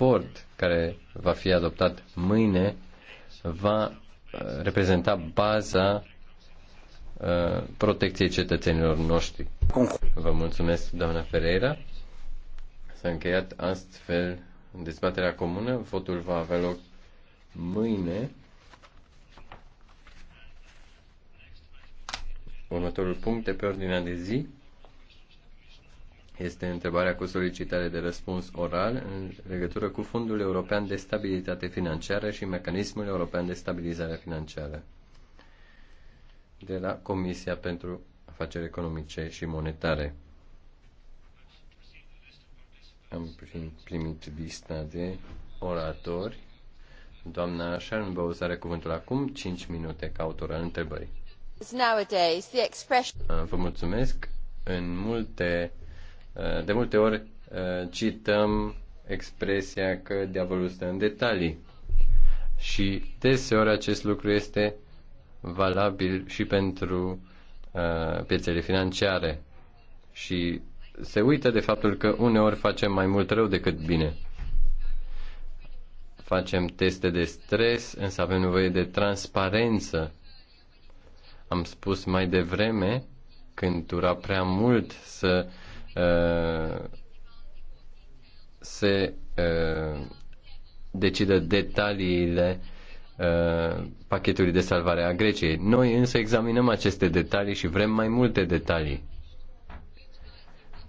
raport care va fi adoptat mâine va uh, reprezenta baza uh, protecției cetățenilor noștri. Vă mulțumesc, doamna Ferreira. S-a încheiat astfel dezbaterea comună. Votul va avea loc mâine. Următorul punct de pe ordinea de zi este întrebarea cu solicitare de răspuns oral în legătură cu Fondul European de Stabilitate Financiară și Mecanismul European de Stabilizare Financiară de la Comisia pentru Afaceri Economice și Monetare. Am primit lista de oratori. Doamna Schellenbaus are cuvântul acum 5 minute ca autor al întrebării. Vă mulțumesc. În multe Eh, de multe ori eh, cităm expresia că diavolul stă în detalii. Și deseori acest lucru este valabil și pentru uh, piețele financiare. Și se uită de faptul că uneori facem mai mult rău decât bine. Facem teste de stres, însă avem nevoie de transparență. Am spus mai devreme, când dura prea mult să uh, Uh, se uh, decide detaliile uh, pachetului de salvare a Greciei. Noi însă examinăm aceste detalii și vrem mai multe detalii.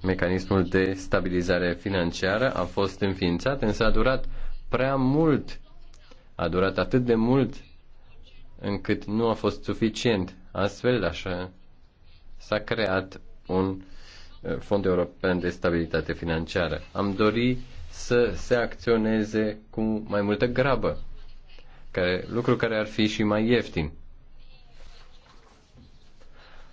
Mecanismul de stabilizare financiară a fost înființat, însă a durat prea mult, a durat atât de mult încât nu a fost suficient. Astfel, așa, s-a creat un Fondul European de Stabilitate Financiară. Am dori să se acționeze cu mai multă grabă, care, lucru care ar fi și mai ieftin.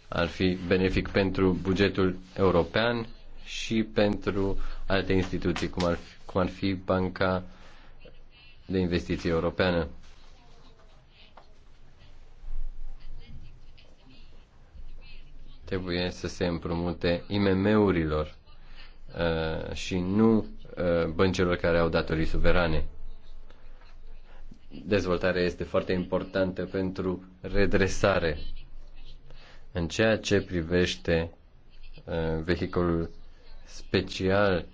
Ar fi benefic pentru bugetul european și pentru alte instituții, cum ar fi, cum ar fi Banca de Investiții Europeană. trebuie să se împrumute IMM-urilor uh, și nu uh, băncilor care au datorii suverane. Dezvoltarea este foarte importantă pentru redresare. În ceea ce privește uh, vehiculul special,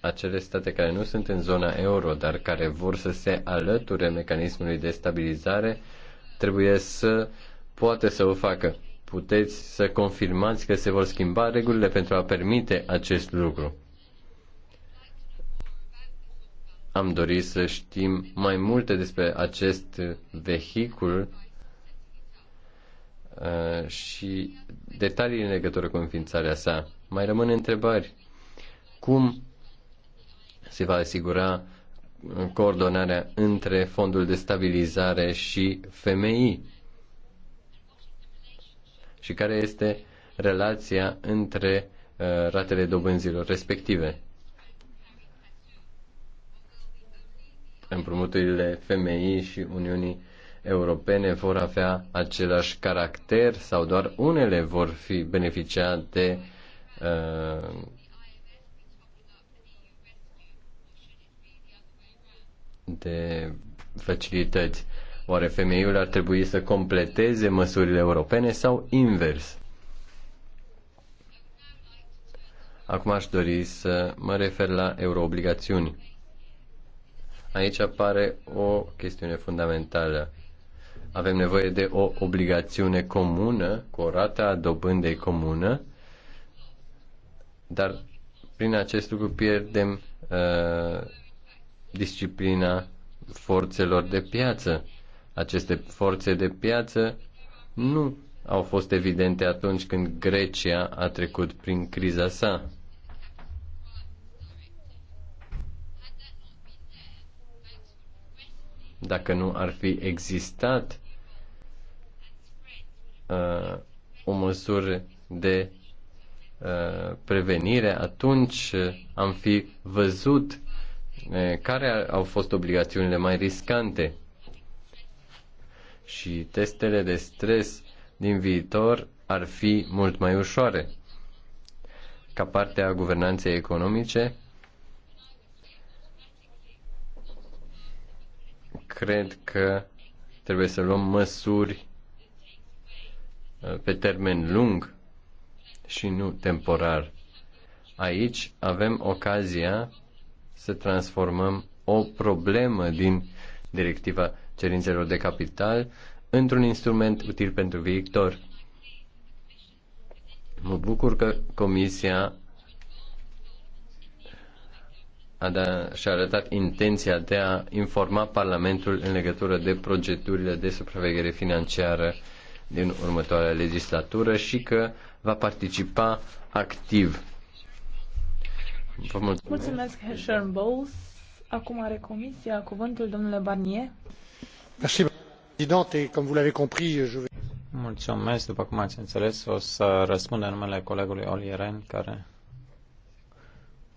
acele state care nu sunt în zona euro, dar care vor să se alăture mecanismului de stabilizare, trebuie să poată să o facă puteți să confirmați că se vor schimba regulile pentru a permite acest lucru. Am dorit să știm mai multe despre acest vehicul uh, și detalii în legătură cu înființarea sa. Mai rămân întrebări. Cum se va asigura coordonarea între fondul de stabilizare și FMI? și care este relația între uh, ratele dobânzilor respective. Împrumuturile femeii și Uniunii Europene vor avea același caracter sau doar unele vor fi beneficiate de uh, de facilități. Oare femeiul ar trebui să completeze măsurile europene sau invers? Acum aș dori să mă refer la euroobligațiuni. Aici apare o chestiune fundamentală. Avem nevoie de o obligațiune comună, cu o rată a dobândei comună, dar prin acest lucru pierdem uh, disciplina forțelor de piață. Aceste forțe de piață nu au fost evidente atunci când Grecia a trecut prin criza sa. Dacă nu ar fi existat uh, o măsură de uh, prevenire, atunci uh, am fi văzut uh, care au fost obligațiunile mai riscante și testele de stres din viitor ar fi mult mai ușoare. Ca parte a guvernanței economice, cred că trebuie să luăm măsuri uh, pe termen lung și nu temporar. Aici avem ocazia să transformăm o problemă din directiva cerințelor de capital într-un instrument util pentru viitor. Mă bucur că Comisia a da, și-a arătat intenția de a informa Parlamentul în legătură de procedurile de supraveghere financiară din următoarea legislatură și că va participa activ. Vă mulțumesc. Mulțumesc, Hershon Bowles. Acum are comisia cuvântul domnule Barnier. Mulțumesc, după cum ați înțeles, o să răspund în numele colegului Olieren, care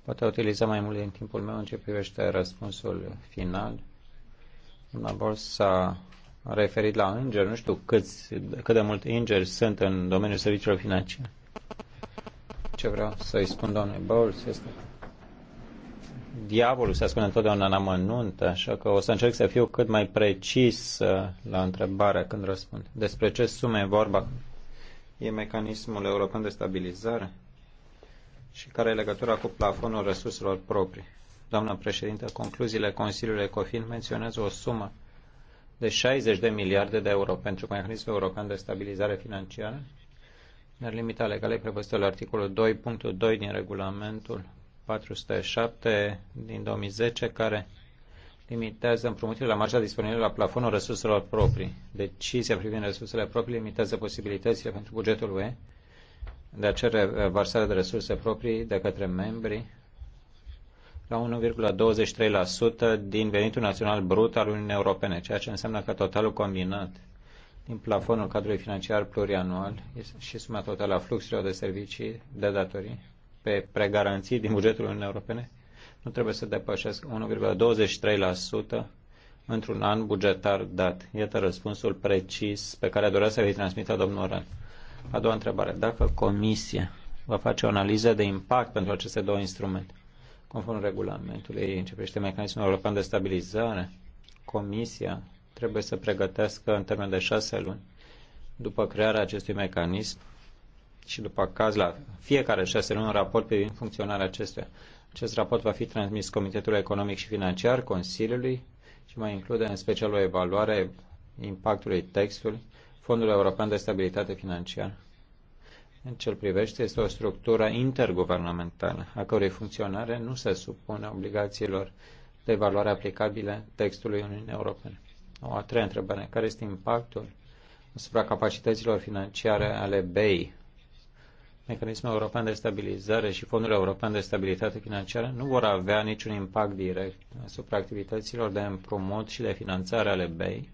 poate utiliza mai mult din timpul meu în ce privește răspunsul final. Doamna Bors s-a referit la îngeri, nu știu câți, cât de mult îngeri sunt în domeniul serviciilor financiare. Ce vreau să-i spun doamnei Bors este că diavolul se ascunde întotdeauna în amănunt, așa că o să încerc să fiu cât mai precis uh, la întrebarea când răspund. Despre ce sume e vorba? E mecanismul european de stabilizare? Și care e legătura cu plafonul resurselor proprii? Doamna președintă, concluziile Consiliului Ecofin menționează o sumă de 60 de miliarde de euro pentru mecanismul european de stabilizare financiară, dar limita legală e prevăzută la articolul 2.2 din regulamentul 407 din 2010 care limitează împrumuturile la marja disponibilă la plafonul resurselor proprii. Decizia privind resursele proprii limitează posibilitățile pentru bugetul UE de a cere varsare de resurse proprii de către membri la 1,23% din venitul național brut al Uniunii Europene, ceea ce înseamnă că totalul combinat din plafonul cadrului financiar plurianual și suma totală a fluxurilor de servicii de datorii pe pregaranții din bugetul Uniunii Europene nu trebuie să depășesc 1,23% într-un an bugetar dat. Iată răspunsul precis pe care dorea să l transmită domnul Ran. A doua întrebare. Dacă Comisia va face o analiză de impact pentru aceste două instrumente, conform regulamentului, începește mecanismul european de stabilizare, Comisia trebuie să pregătească în termen de șase luni după crearea acestui mecanism și după caz la fiecare șase luni un raport privind funcționarea acestea. Acest raport va fi transmis Comitetului Economic și Financiar, Consiliului și mai include în special o evaluare impactului textului Fondului European de Stabilitate Financiară. În ce privește, este o structură interguvernamentală, a cărei funcționare nu se supune obligațiilor de evaluare aplicabile textului Uniunii Europene. O a treia întrebare. Care este impactul asupra capacităților financiare ale BEI Mecanismul European de Stabilizare și Fondul European de Stabilitate Financiară nu vor avea niciun impact direct asupra activităților de împrumut și de finanțare ale BEI.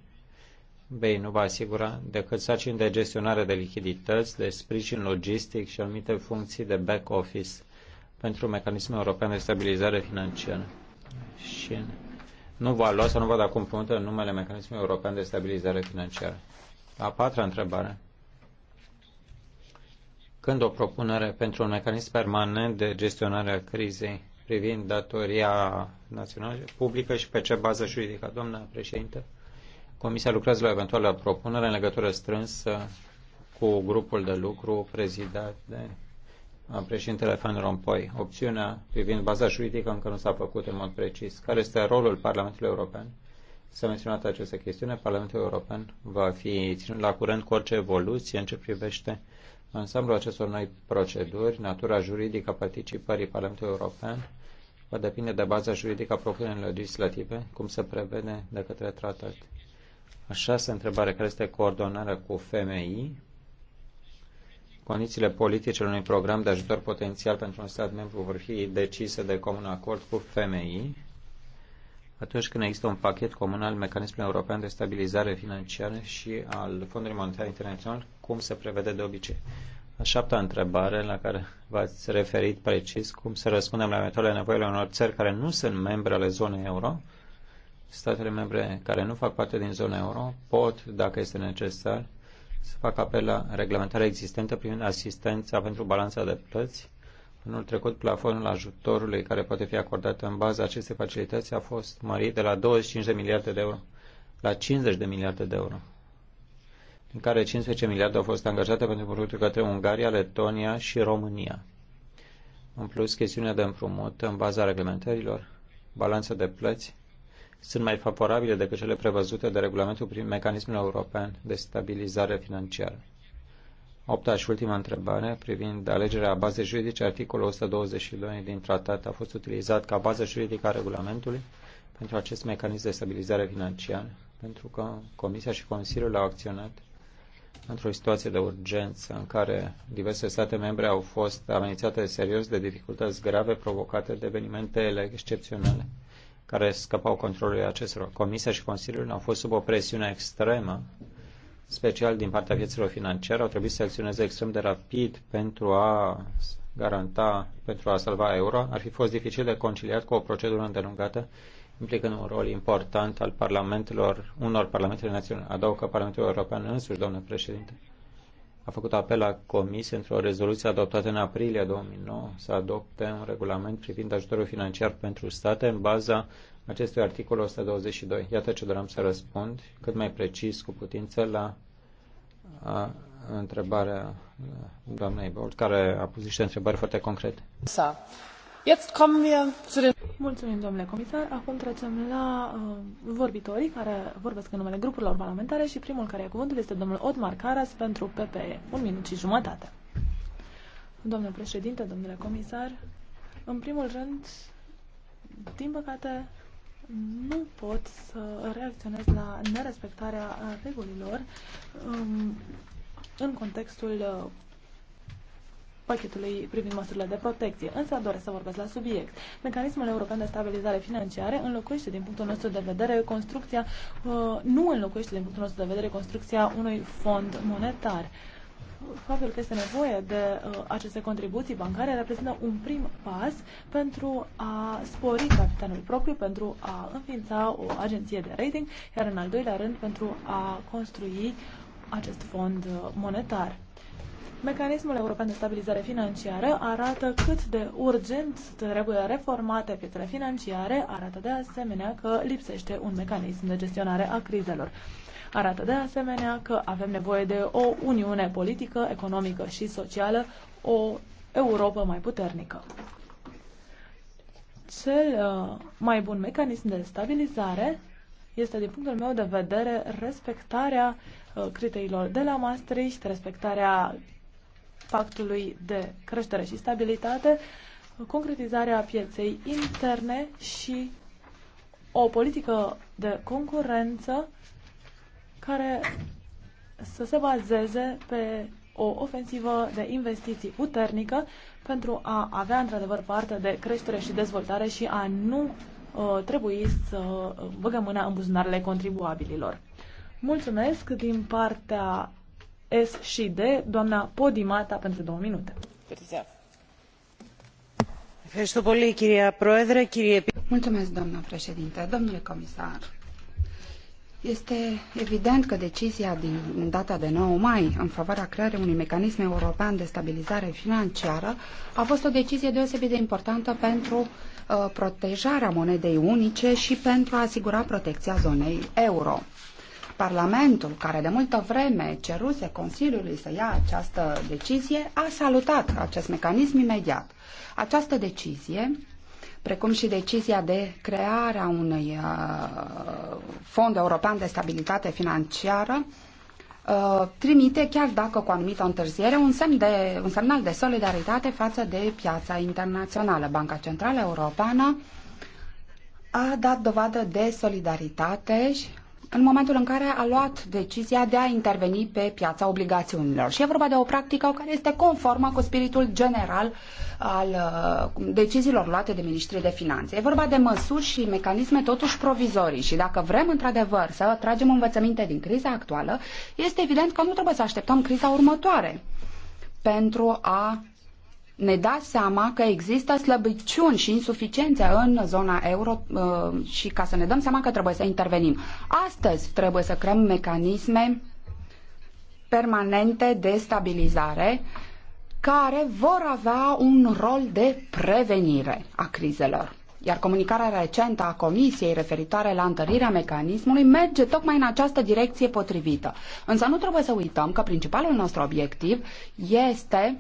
BEI nu va asigura decât sarcini de gestionare de lichidități, de sprijin logistic și anumite funcții de back office pentru Mecanismul European de Stabilizare Financiară. Și nu va lua sau nu va da în numele Mecanismului European de Stabilizare Financiară. A patra întrebare când o propunere pentru un mecanism permanent de gestionare a crizei privind datoria națională publică și pe ce bază juridică. Doamna președinte, Comisia lucrează la eventuală propunere în legătură strânsă cu grupul de lucru prezidat de președintele Fan Rompoi. Opțiunea privind baza juridică încă nu s-a făcut în mod precis. Care este rolul Parlamentului European? S-a menționat această chestiune. Parlamentul European va fi ținut la curent cu orice evoluție în ce privește Ansamblul acestor noi proceduri, natura juridică a participării Parlamentului European, va depinde de baza juridică a propunerilor legislative, cum se prevede de către tratat. A șasea întrebare, care este coordonarea cu FMI, condițiile politice ale unui program de ajutor potențial pentru un stat membru vor fi decise de comun acord cu FMI atunci când există un pachet comun al mecanismului european de stabilizare financiară și al Fondului Monetar Internațional cum se prevede de obicei. A șaptea întrebare la care v-ați referit precis, cum să răspundem la metodele nevoile unor țări care nu sunt membre ale zonei euro, statele membre care nu fac parte din zona euro pot, dacă este necesar, să facă apel la reglementarea existentă privind asistența pentru balanța de plăți. Anul trecut, plafonul ajutorului care poate fi acordat în baza acestei facilități a fost mărit de la 25 de miliarde de euro la 50 de miliarde de euro în care 15 miliarde au fost angajate pentru proiectul către Ungaria, Letonia și România. În plus, chestiunea de împrumut în baza reglementărilor, balanța de plăți, sunt mai favorabile decât cele prevăzute de regulamentul prin mecanismul european de stabilizare financiară. Opta și ultima întrebare privind alegerea bazei juridice, articolul 122 din tratat a fost utilizat ca bază juridică a regulamentului pentru acest mecanism de stabilizare financiară, pentru că Comisia și Consiliul au acționat într-o situație de urgență în care diverse state membre au fost amenințate serios de dificultăți grave provocate de evenimentele excepționale care scăpau controlului acestor. Comisia și Consiliul au fost sub o presiune extremă, special din partea piețelor financiare, au trebuit să acționeze extrem de rapid pentru a garanta, pentru a salva euro. Ar fi fost dificil de conciliat cu o procedură îndelungată Implică un rol important al parlamentelor, unor parlamentele naționale. Adaug că Parlamentul European însuși, domnule președinte, a făcut apel la comisie într-o rezoluție adoptată în aprilie 2009 să adopte un regulament privind ajutorul financiar pentru state în baza acestui articol 122. Iată ce doream să răspund cât mai precis cu putință la a, întrebarea uh, doamnei Bolt, care a pus niște întrebări foarte concrete. Jetzt kommen wir zu den Mulțumim, domnule comisar. Acum trecem la uh, vorbitorii care vorbesc în numele grupurilor parlamentare și primul care ia cuvântul este domnul Otmar Caras pentru PPE. Un minut și jumătate. Domnule președinte, domnule comisar, în primul rând, din păcate, nu pot să reacționez la nerespectarea regulilor um, în contextul uh, pachetului privind măsurile de protecție, însă doresc să vorbesc la subiect. Mecanismul european de stabilizare financiare înlocuiește din punctul nostru de vedere construcția, uh, nu înlocuiește din punctul nostru de vedere construcția unui fond monetar. Faptul că este nevoie de uh, aceste contribuții bancare reprezintă un prim pas pentru a spori capitalul propriu, pentru a înființa o agenție de rating, iar în al doilea rând pentru a construi acest fond uh, monetar. Mecanismul European de Stabilizare Financiară arată cât de urgent trebuie reformate piețele financiare, arată de asemenea că lipsește un mecanism de gestionare a crizelor. Arată de asemenea că avem nevoie de o uniune politică, economică și socială, o Europa mai puternică. Cel uh, mai bun mecanism de stabilizare este, din punctul meu de vedere, respectarea uh, criteriilor de la Maastricht, respectarea pactului de creștere și stabilitate, concretizarea pieței interne și o politică de concurență care să se bazeze pe o ofensivă de investiții puternică pentru a avea într-adevăr parte de creștere și dezvoltare și a nu uh, trebui să băgăm mâna în buzunarele contribuabililor. Mulțumesc din partea S și D, doamna Podimata, pentru două minute. Mulțumesc, doamna președinte, domnule comisar. Este evident că decizia din data de 9 mai în favoarea creării unui mecanism european de stabilizare financiară a fost o decizie deosebit de importantă pentru uh, protejarea monedei unice și pentru a asigura protecția zonei euro. Parlamentul, care de multă vreme ceruse Consiliului să ia această decizie, a salutat acest mecanism imediat. Această decizie precum și decizia de creare a unui uh, fond european de stabilitate financiară, uh, trimite, chiar dacă cu anumită întârziere, un, semn de, un semnal de solidaritate față de piața internațională. Banca Centrală Europeană a dat dovadă de solidaritate și în momentul în care a luat decizia de a interveni pe piața obligațiunilor. Și e vorba de o practică care este conformă cu spiritul general al uh, deciziilor luate de ministrii de finanțe. E vorba de măsuri și mecanisme totuși provizorii și dacă vrem într-adevăr să tragem învățăminte din criza actuală, este evident că nu trebuie să așteptăm criza următoare pentru a ne da seama că există slăbiciuni și insuficiențe în zona euro uh, și ca să ne dăm seama că trebuie să intervenim. Astăzi trebuie să creăm mecanisme permanente de stabilizare care vor avea un rol de prevenire a crizelor. Iar comunicarea recentă a Comisiei referitoare la întărirea mecanismului merge tocmai în această direcție potrivită. Însă nu trebuie să uităm că principalul nostru obiectiv este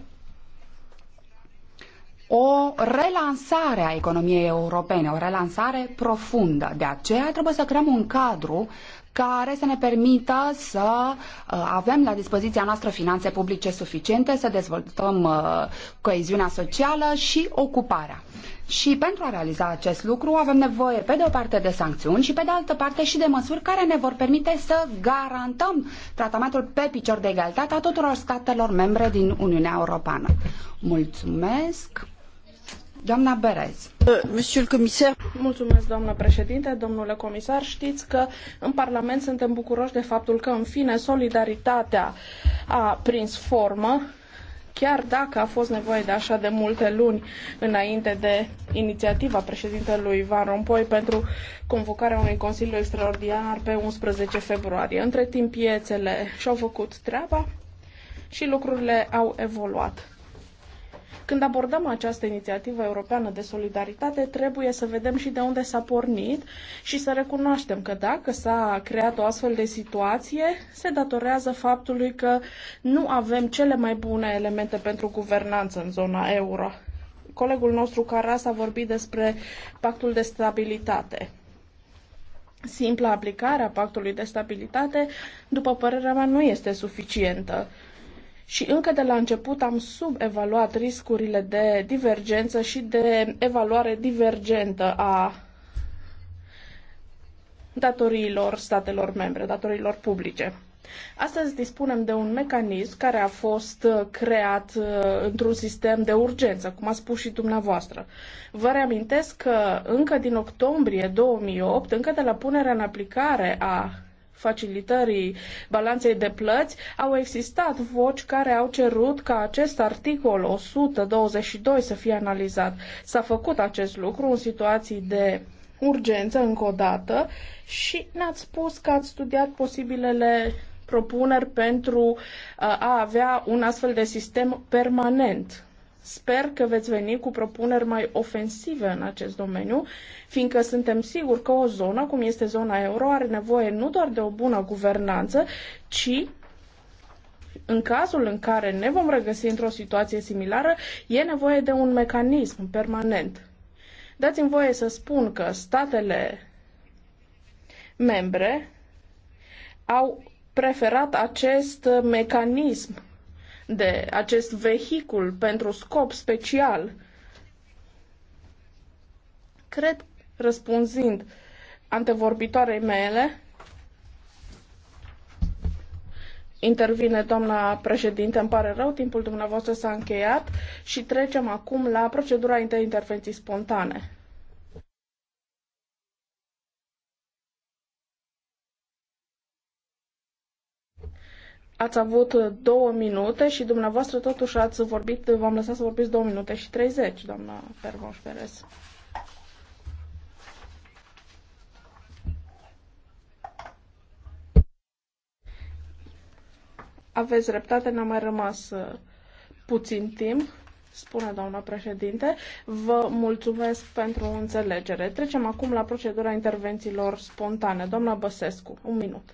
o relansare a economiei europene, o relansare profundă. De aceea trebuie să creăm un cadru care să ne permită să uh, avem la dispoziția noastră finanțe publice suficiente, să dezvoltăm uh, coeziunea socială și ocuparea. Și pentru a realiza acest lucru avem nevoie pe de o parte de sancțiuni și pe de altă parte și de măsuri care ne vor permite să garantăm tratamentul pe picior de egalitate a tuturor statelor membre din Uniunea Europeană. Mulțumesc! tii uh, președinte, domnule comisar. Știți că în Parlament suntem bucuroși de faptul că, în fine, solidaritatea a prins formă chiar dacă a fost nevoie de așa de multe luni înainte de iniiativa preedintelui Van Rompuy pentru convocarea unui Consiliu extraordinar pe unsprezece februarie. Între timp, pieele și-au făcut treaba și lucrurile au evoluat. Când abordăm această inițiativă europeană de solidaritate, trebuie să vedem și de unde s-a pornit și să recunoaștem că dacă s-a creat o astfel de situație, se datorează faptului că nu avem cele mai bune elemente pentru guvernanță în zona euro. Colegul nostru Caras a vorbit despre pactul de stabilitate simpla aplicare a pactului de stabilitate, după părerea mea, nu este suficientă și încă de la început am subevaluat riscurile de divergență și de evaluare divergentă a datoriilor statelor membre, datoriilor publice. Astăzi dispunem de un mecanism care a fost creat uh, într-un sistem de urgență, cum a spus și dumneavoastră. Vă reamintesc că încă din octombrie 2008, încă de la punerea în aplicare a facilitării balanței de plăți, au existat voci care au cerut ca acest articol 122 să fie analizat. S-a făcut acest lucru în situații de urgență încă o dată și ne-ați spus că ați studiat posibilele propuneri pentru uh, a avea un astfel de sistem permanent Sper că veți veni cu propuneri mai ofensive în acest domeniu, fiindcă suntem siguri că o zonă, cum este zona euro, are nevoie nu doar de o bună guvernanță, ci în cazul în care ne vom regăsi într-o situație similară, e nevoie de un mecanism permanent. Dați-mi voie să spun că statele membre au preferat acest mecanism de acest vehicul pentru scop special. Cred, răspunzând antevorbitoarei mele, intervine doamna președinte, îmi pare rău, timpul dumneavoastră s-a încheiat și trecem acum la procedura de intervenții spontane. Ați avut uh, două minute și dumneavoastră totuși ați vorbit, v-am lăsat să vorbiți două minute și treizeci, doamna Pervonș Perez. Aveți dreptate, n-a mai rămas uh, puțin timp, spune doamna președinte. Vă mulțumesc pentru înțelegere. Trecem acum la procedura intervențiilor spontane. Doamna Băsescu, un minut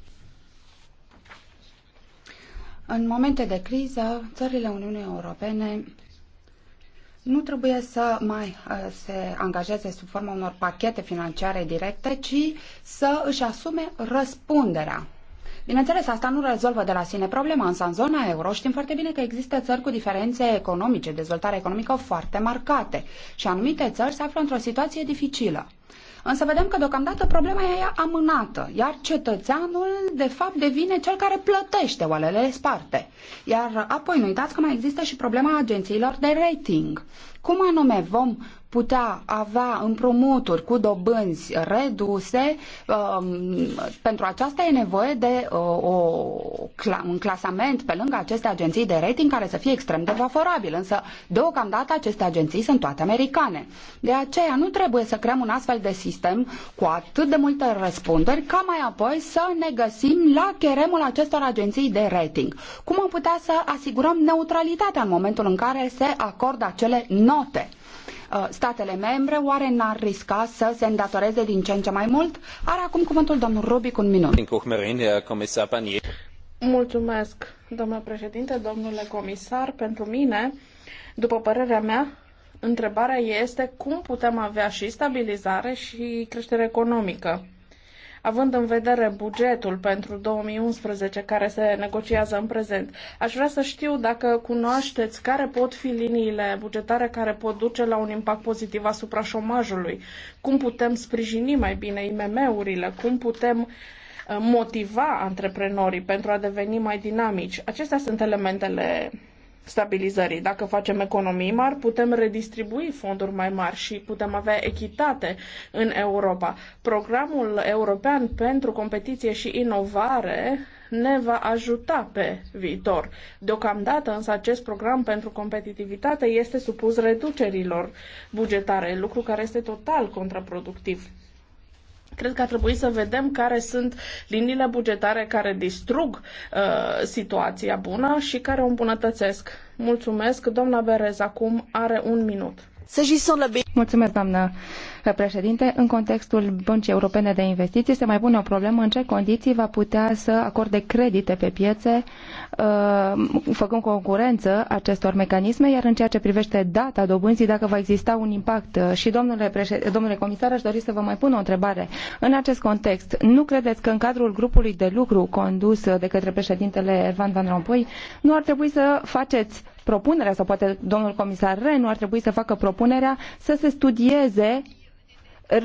în momente de criză, țările Uniunii Europene nu trebuie să mai uh, se angajeze sub forma unor pachete financiare directe, ci să își asume răspunderea. Bineînțeles, asta nu rezolvă de la sine problema, însă în zona euro știm foarte bine că există țări cu diferențe economice, dezvoltare economică foarte marcate și anumite țări se află într-o situație dificilă. Însă vedem că deocamdată problema e amânată, iar cetățeanul de fapt devine cel care plătește oalele sparte. Iar apoi nu uitați că mai există și problema agențiilor de rating. Cum anume vom putea avea împrumuturi cu dobânzi reduse, um, pentru aceasta e nevoie de uh, o, un clasament pe lângă aceste agenții de rating care să fie extrem de favorabil, însă deocamdată aceste agenții sunt toate americane. De aceea nu trebuie să creăm un astfel de sistem cu atât de multe răspunderi ca mai apoi să ne găsim la cheremul acestor agenții de rating. Cum am putea să asigurăm neutralitatea în momentul în care se acordă acele note? Uh, statele membre, oare n-ar risca să se îndatoreze din ce în ce mai mult? Are acum cuvântul domnul Rubic un minut. Mulțumesc, domnule președinte, domnule comisar. Pentru mine, după părerea mea, întrebarea este cum putem avea și stabilizare și creștere economică având în vedere bugetul pentru 2011 care se negociază în prezent. Aș vrea să știu dacă cunoașteți care pot fi liniile bugetare care pot duce la un impact pozitiv asupra șomajului, cum putem sprijini mai bine IMM-urile, cum putem uh, motiva antreprenorii pentru a deveni mai dinamici. Acestea sunt elementele stabilizării. Dacă facem economii mari, putem redistribui fonduri mai mari și putem avea echitate în Europa. Programul european pentru competiție și inovare ne va ajuta pe viitor. Deocamdată, însă, acest program pentru competitivitate este supus reducerilor bugetare, lucru care este total contraproductiv. Cred că ar trebui să vedem care sunt liniile bugetare care distrug uh, situația bună și care o îmbunătățesc. Mulțumesc. Doamna Berez acum are un minut. Mulțumesc, doamnă președinte. În contextul Băncii Europene de Investiții se mai pune o problemă în ce condiții va putea să acorde credite pe piețe, uh, făcând concurență acestor mecanisme, iar în ceea ce privește data dobânzii, dacă va exista un impact. Și, domnule, președ... domnule comisar, aș dori să vă mai pun o întrebare. În acest context, nu credeți că în cadrul grupului de lucru condus de către președintele Ervan Van Rompuy, nu ar trebui să faceți propunerea, sau poate domnul comisar Renu ar trebui să facă propunerea să se studieze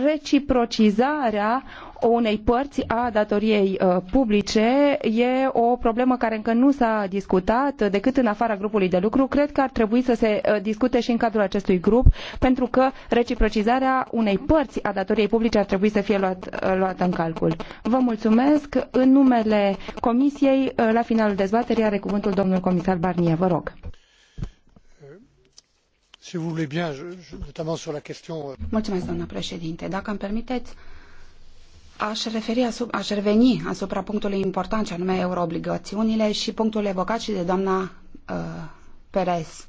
reciprocizarea unei părți a datoriei uh, publice e o problemă care încă nu s-a discutat decât în afara grupului de lucru. Cred că ar trebui să se uh, discute și în cadrul acestui grup, pentru că reciprocizarea unei părți a datoriei publice ar trebui să fie luat, uh, luată în calcul. Vă mulțumesc. În numele Comisiei, la finalul dezbaterii, are cuvântul domnul comisar Barnier. Vă rog si vous voulez bien, notamment sur la question... Euh, Mulțumesc, doamna președinte. Dacă îmi permiteți, Aș, referi asupra, aș reveni asupra punctului important, ce anume euroobligațiunile și punctul evocat și de doamna uh, Perez.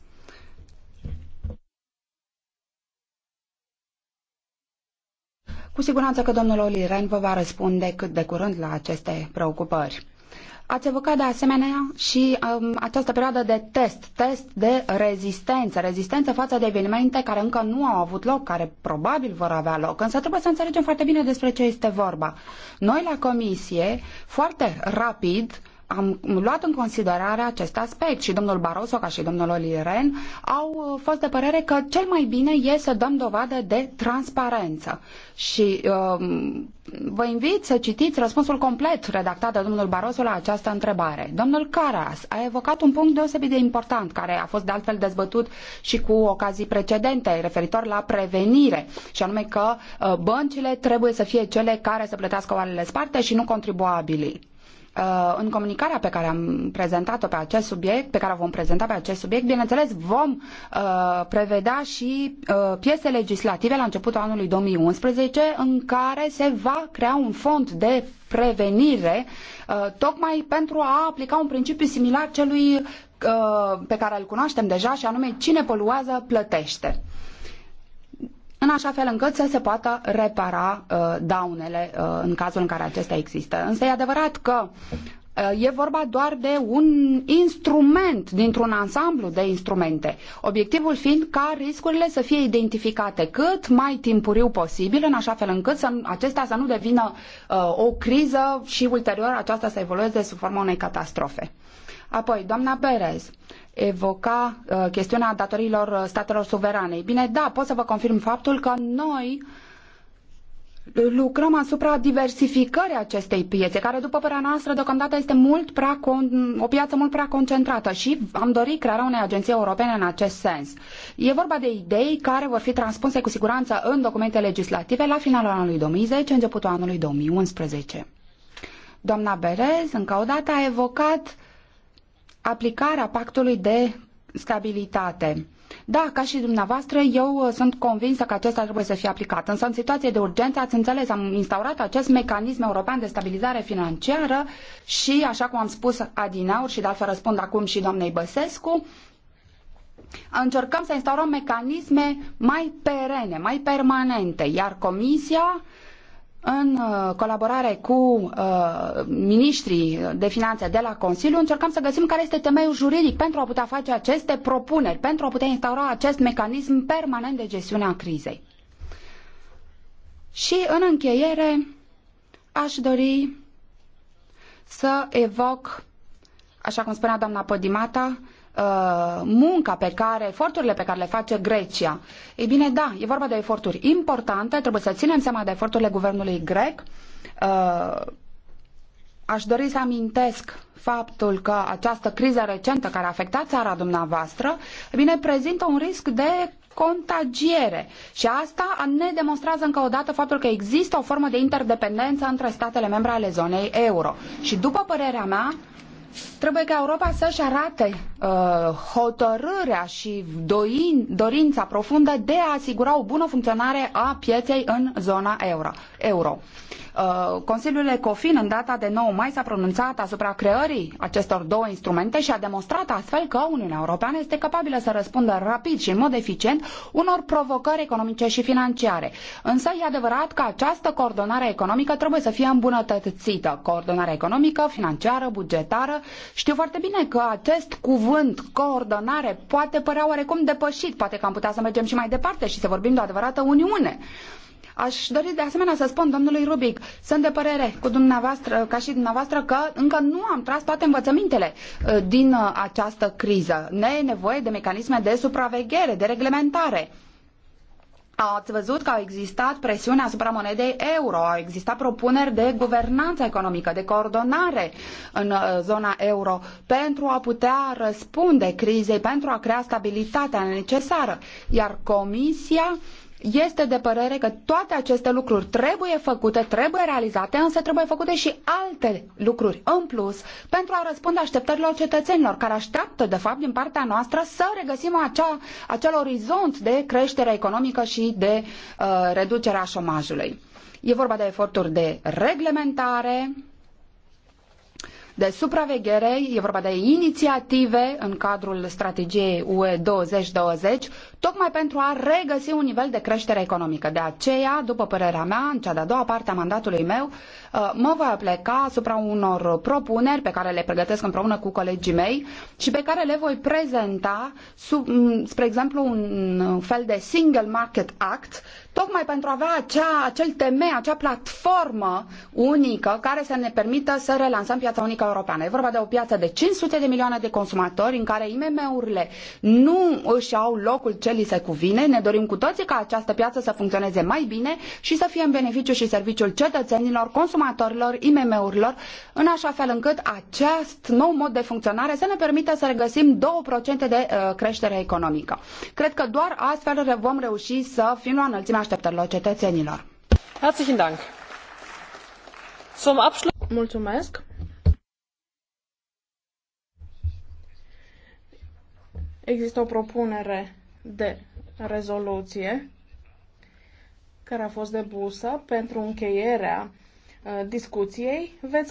Cu siguranță că domnul Oli Ren vă va răspunde cât de curând la aceste preocupări. Ați evocat de asemenea și um, această perioadă de test, test de rezistență, rezistență față de evenimente care încă nu au avut loc, care probabil vor avea loc, însă trebuie să înțelegem foarte bine despre ce este vorba. Noi la comisie, foarte rapid, am luat în considerare acest aspect și domnul Barroso ca și domnul Oli Ren au uh, fost de părere că cel mai bine e să dăm dovadă de transparență. Și um, vă invit să citiți răspunsul complet redactat de domnul Barroso la această întrebare. Domnul Caras a evocat un punct deosebit de important care a fost de altfel dezbătut și cu ocazii precedente referitor la prevenire și anume că uh, băncile trebuie să fie cele care să plătească oarele sparte și nu contribuabilii. Uh, în comunicarea pe care am prezentat-o pe acest subiect, pe care o vom prezenta pe acest subiect, bineînțeles vom uh, prevedea și uh, piese legislative la începutul anului 2011 în care se va crea un fond de prevenire tocmai pentru a aplica un principiu similar celui pe care îl cunoaștem deja și anume cine poluează plătește în așa fel încât să se poată repara uh, daunele uh, în cazul în care acestea există. Însă e adevărat că uh, e vorba doar de un instrument dintr-un ansamblu de instrumente, obiectivul fiind ca riscurile să fie identificate cât mai timpuriu posibil, în așa fel încât să, acestea să nu devină uh, o criză și ulterior aceasta să evolueze sub forma unei catastrofe. Apoi, doamna Berez evoca uh, chestiunea datoriilor uh, statelor suverane. bine, da, pot să vă confirm faptul că noi lucrăm asupra diversificării acestei piețe, care, după părerea noastră, deocamdată este mult prea con- o piață mult prea concentrată și am dorit crearea unei agenții europene în acest sens. E vorba de idei care vor fi transpuse cu siguranță în documente legislative la finalul anului 2010, începutul anului 2011. Doamna Berez, încă o dată, a evocat aplicarea pactului de stabilitate. Da, ca și dumneavoastră, eu uh, sunt convinsă că acesta trebuie să fie aplicat. Însă, în situație de urgență, ați înțeles, am instaurat acest mecanism european de stabilizare financiară și, așa cum am spus adinaur și de altfel răspund acum și doamnei Băsescu, încercăm să instaurăm mecanisme mai perene, mai permanente, iar Comisia uh, în uh, colaborare cu uh, ministrii de finanțe de la Consiliu, încercăm să găsim care este temeiul juridic pentru a putea face aceste propuneri, pentru a putea instaura acest mecanism permanent de gestiune a crizei. Și în încheiere aș dori să evoc, așa cum spunea doamna Podimata, Uh, munca pe care, eforturile pe care le face Grecia. Ei bine, da, e vorba de eforturi importante, trebuie să ținem seama de eforturile guvernului grec. Uh, aș dori să amintesc faptul că această criză recentă care a afectat țara dumneavoastră, bine, prezintă un risc de contagiere. Și asta ne demonstrează încă o dată faptul că există o formă de interdependență între statele membre ale zonei euro. Și după părerea mea, Trebuie ca Europa să-și arate uh, hotărârea și doin, dorința profundă de a asigura o bună funcționare a pieței în zona euro. euro. Uh, Consiliul Ecofin în data de 9 mai s-a pronunțat asupra creării acestor două instrumente și a demonstrat astfel că Uniunea Europeană este capabilă să răspundă rapid și în mod eficient unor provocări economice și financiare. Însă e adevărat că această coordonare economică trebuie să fie îmbunătățită. Coordonare economică, financiară, bugetară. Știu foarte bine că acest cuvânt coordonare poate părea oarecum depășit, poate că am putea să mergem și mai departe și să vorbim de o adevărată uniune. Aș dori de asemenea să spun domnului Rubic, sunt de părere cu dumneavoastră, ca și dumneavoastră, că încă nu am tras toate învățămintele uh, din uh, această criză. Ne e nevoie de mecanisme de supraveghere, de reglementare. Ați văzut că au existat presiune asupra monedei euro, au existat propuneri de guvernanță economică, de coordonare în uh, zona euro pentru a putea răspunde crizei, pentru a crea stabilitatea necesară. Iar Comisia este de părere că toate aceste lucruri trebuie făcute, trebuie realizate, însă trebuie făcute și alte lucruri în plus pentru a răspunde așteptărilor cetățenilor care așteaptă, de fapt, din partea noastră să regăsim acea, acel orizont de creștere economică și de uh, reducerea șomajului. E vorba de eforturi de reglementare, de supraveghere, e vorba de inițiative în cadrul strategiei UE 2020, tocmai pentru a regăsi un nivel de creștere economică. De aceea, după părerea mea, în cea de-a doua parte a mandatului meu, uh, mă voi pleca asupra unor propuneri pe care le pregătesc împreună cu colegii mei și pe care le voi prezenta, sub, spre exemplu, un fel de Single Market Act, tocmai pentru a avea acea, acel temei, acea platformă unică care să ne permită să relansăm piața unică europeană. E vorba de o piață de 500 de milioane de consumatori în care IMM-urile nu își au locul ce li se cuvine. Ne dorim cu toții ca această piață să funcționeze mai bine și să fie în beneficiu și serviciul cetățenilor, consumatorilor, IMM-urilor, în așa fel încât acest nou mod de funcționare să ne permită să regăsim 2% de uh, creștere economică. Cred că doar astfel vom reuși să fim la înălțimea așteptărilor cetățenilor. Mulțumesc! Există o propunere de rezoluție care a fost debusă pentru încheierea uh, discuției. Veți